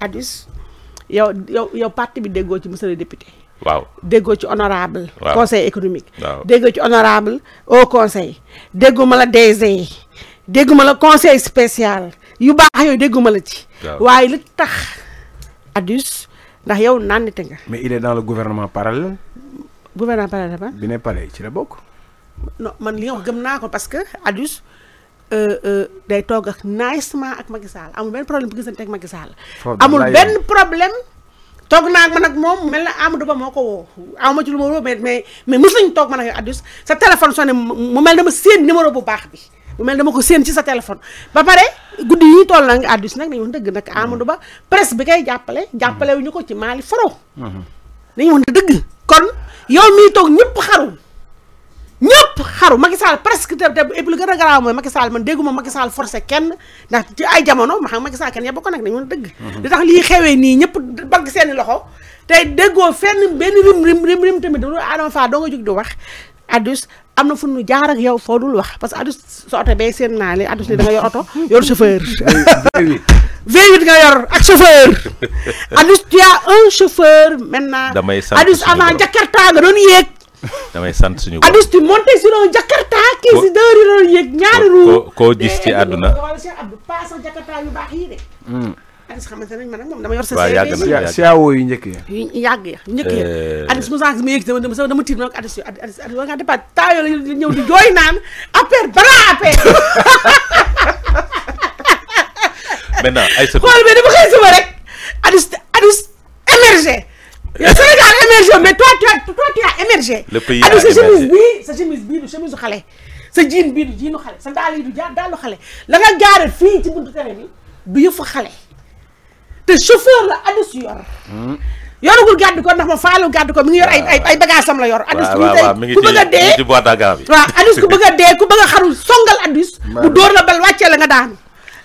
Addis yow yow yow parti bi déggoo ci monsieur le député. waaw déggoo ci honorable conseil économique. waaw déggoo ci honorable au conseil. dégguma la DG dégguma la conseil spécial yu baax yow dégguma la ci. waaye li tax. Addis ndax yow naanite nga. mais il est dans le gouvernement parallèle. gouvernement parallèle ba. bi ne pare ci la bokk. non man li nga wax gëm naa ko parce que Addis. Euh, euh, day toog ak naajement ak Macky Sall amul benn problème bu gisante ak Macky Sall amul benn problème toog naa man ak moom mel na Amadou Ba moo ko woo aw ma ci lu ma woo mais mais mais mos nañu toog man ak addus sa téléphone sonné mu mel dama seen numéro bu baax bi mu mel dama ko seen ci sa téléphone ba pare guddi yi ñu toll na nga addus nag dañu wax dëgg nag mm-hmm. Amadou Ba presse bi kay jàppale mm-hmm. jàppale wu ñu ko ci Mali foro mm-hmm. dañu wax dëgg kon yow mii toog ñëpp xaru ñëpp xaru Macky Sall presque te te lu gën a garaaw mooy Macky Sall man dégguma Macky Sall forcé kenn ndax ci ay jamono ma xam Macky Sall kenn yebba ko nag dañu mën a dëgg mhm. li tax lii loxo te déggoo fenn benn rim rim rim am na fu ñu jaar ak yow foo dul wax parce que li Addus ni da nga nga yor ak chauffeur Addus tu as un nga doon yéeg damay sant suñu bopp Adustu monté sur Jakarta. kii si deux roues yëg ñaari roues. koo koo ci àdduna Anis xamante nañ man sa. waaw yàgg na ya. yu ya njëkk mu sànq ma yëg dama dama dama tiit ma ne ko Anis Anis Anis war ngaa départ taa yoo la ñëw di jooy naan affaire balaa affaire. maintenant ay sa. xool bi dama xëy suba rek. changé. adu sa chemise bii sa chemise xale sa jiin bii du jiinu xale sa daal yi du jaar daalu xale la nga gaare fii ci buntu tere bi du yëfu xale te chauffeur la adus yor hmm. yoragul gàddu ko ndax ma faalu gàddu ko mu ngi yor ay ay ay la yor adus mi ku bëgg a dee waaw adus ku bëgg a dee ku bëgg a xarul songal adus bu dóor la bal wàccee la nga daan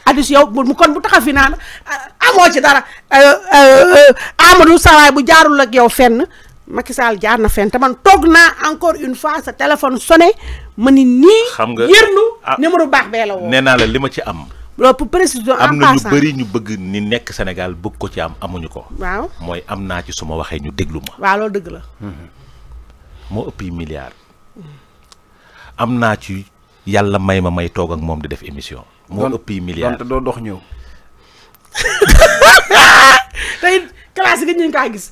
adus yow mu kon bu taxaw fi naan ah, amoo ci dara euh, euh, euh, Amadou sawaay bu jaarul la yow fenn Macky Sall jaar na fenn te man toog naa encore une fois sa téléphone sonné ma ni nii. xam nga yërlu ah, numéro baax bee la woo. nee naa la li ma ci am. loolu pour précision am na ñu bëri ñu bëgg ni nekk Sénégal bëgg ko ci am amuñu ko. waaw mooy am naa ci su ma waxee ñu déglu ma. waaw loolu dëgg la. Mm-hmm. moo ëpp yi milliard. Mm-hmm. am naa ci yàlla may ma may toog ak moom di def émission. moo ëpp yi milliard dox ñëw. tey classe gi ñu ngi kaa gis